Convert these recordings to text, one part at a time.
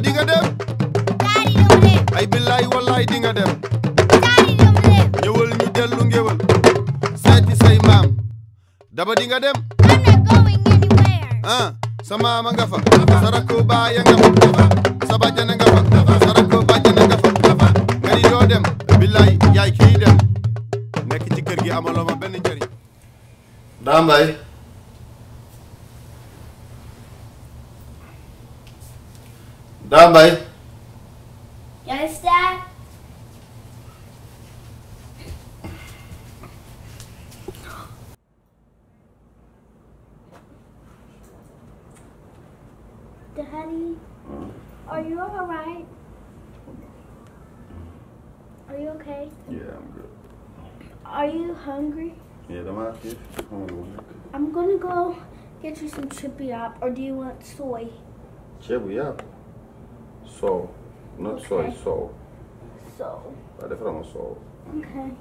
ma di nga dem. ay billaay wallaay di nga dem. ñëwal ñu dellu ngéwal. seeti say maam. daba di nga dem. ah sa maama nga fa. sa rakk baaya nga fa. sa bàjjana nga fa. sa rakk bàjjana nga fa. nga ni doo dem. billaay yaay kii dem. nekk ci kër gi amaloo ma benn njëriñ. Dad, Yes, Daddy, are you all right? Are you okay? Yeah, Are you hungry? Yeah, I'm hungry. I'm gonna go get you some chippy up, or do you want soy? Chippy up. soow. not soy soow. soow. waaw defaral ma soow. okay.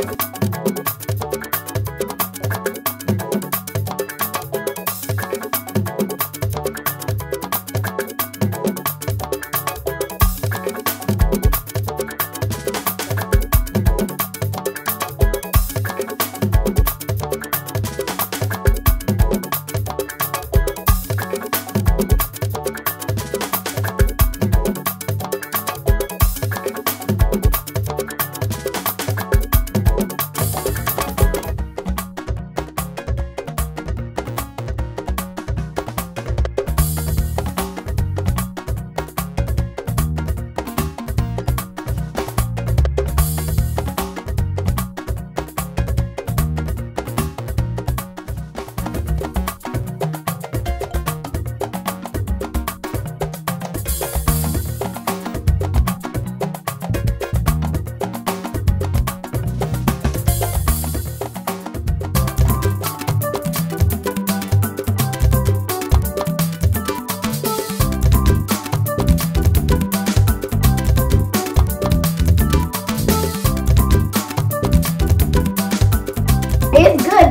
Thank you.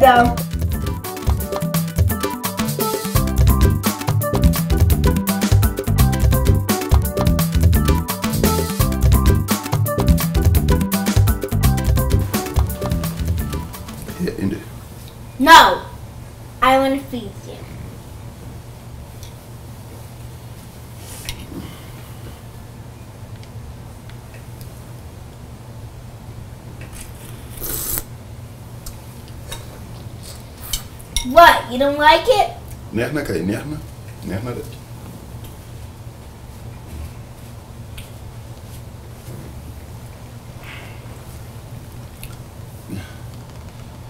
go. No, I want to feed. What? You don't like it? neex na kay neex na neex na de.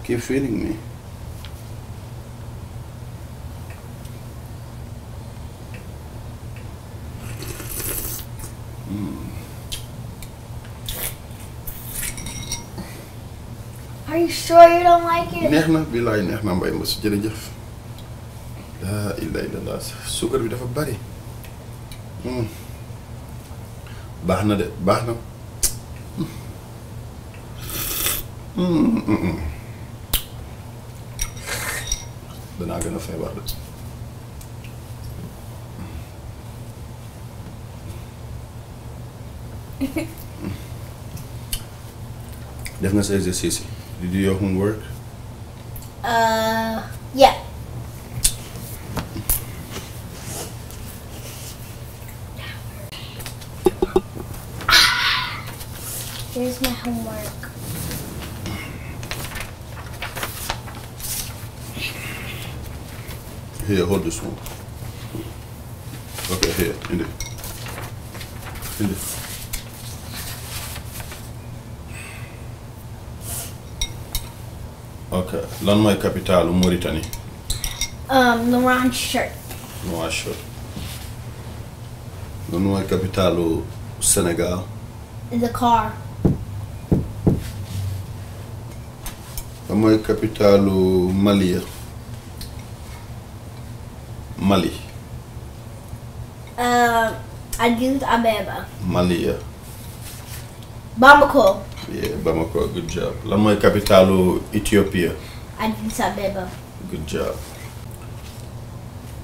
keep feeding me. are neex na billaay neex na mbay mos jërëjëf. laa ilaaha illallaah suukar bi dafa bari. Hmm. baax na de baax na. Hmm. danaa gën a feebar de. def nga sa exercice Did you do your homework? Uh, yeah. Here's my homework. Here, hold this one. Okay, here, in there. In there. ok lan mooy capitalu Mauritanie. Um, Nouakchott. Nouakchott. lan mooy capitalu Sénégal. Dakar. lan mooy capitalu Mali ya. Mali. Uh, Addis Abeba. Mali Bamako. yeah good job lan mooy capitalu Ethiopia. Addis Abeba. good job.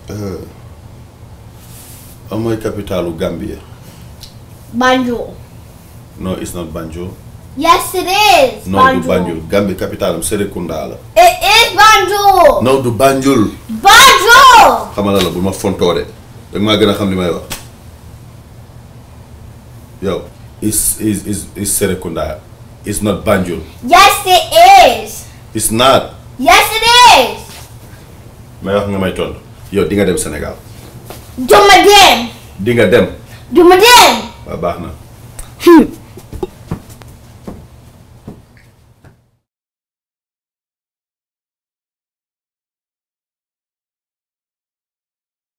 Uh, lan mooy capitalu Gambia. Banjul. no it's not Banjul. no du Banjul Gambia capitalam Serekunda la. no du Banjul. Banjul. la bu ma fontoore. da maa gën a xam li may wax yow. is is is is Serekunda. It's not Banjul. Yes, it is. It's not. Yes, it is. may wax nga may tontu yow di nga dem senegal du dem. di nga dem. du dem. waaw baax na. Hmm.